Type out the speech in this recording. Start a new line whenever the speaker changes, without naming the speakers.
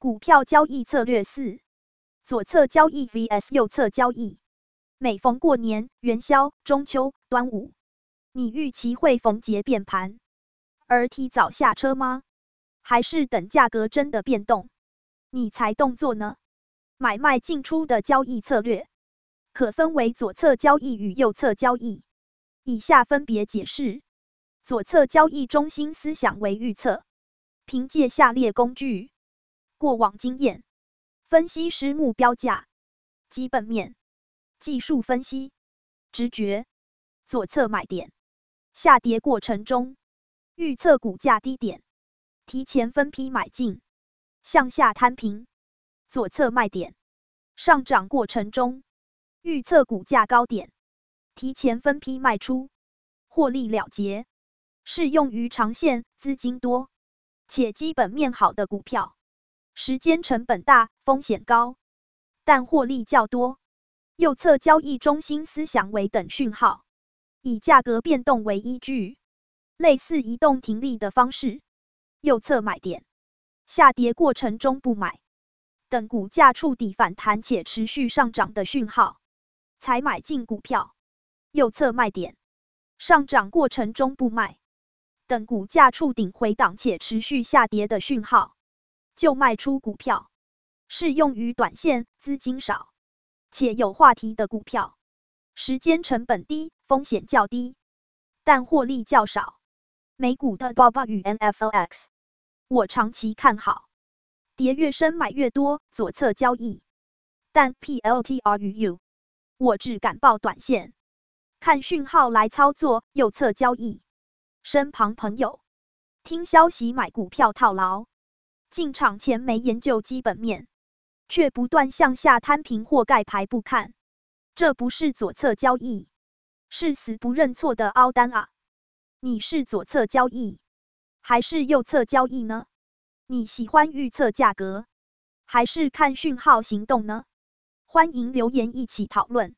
股票交易策略四：左側交易 vs 右側交易。每逢過年、元宵、中秋、端午，你預期會逢節變盤，而提早下車嗎？還是等價格真的變動，你才動作呢？買賣進出的交易策略可分為左側交易與右側交易，以下分別解釋。左側交易中心思想為預測，憑借下列工具。過往經驗、分析師目標價、基本面、技術分析、直覺。左側買點，下跌過程中預測股價低點，提前分批買進，向下攤平。左側賣點，上漲過程中預測股價高點，提前分批賣出，獲利了結。適用於長線資金多且基本面好的股票，時間成本大，風險高，但獲利較多。右側交易中心思想為等訊號，以價格變動為依據，類似移動停利的方式。右側買點，下跌過程中不買，等股價觸底反彈且持續上漲的訊號，才買進股票。右側賣點，上漲過程中不賣，等股價觸頂回檔且持續下跌的訊號。就賣出股票，適用於短線資金少且有話題的股票，時間成本低，風險較低，但獲利較少。美股的 BABA 與 NFLX，我長期看好，跌越深買越多，左側交易。但 PLTR 與 U，我只敢報短線，看訊號來操作，右側交易。身旁朋友聽消息買股票套牢。進場前沒研究基本面，卻不斷向下攤平或蓋牌不看，這不是左側交易，是死不認錯的凹單啊！你是左側交易，還是右側交易呢？你喜歡預測價格，還是看訊號行動呢？歡迎留言一起討論。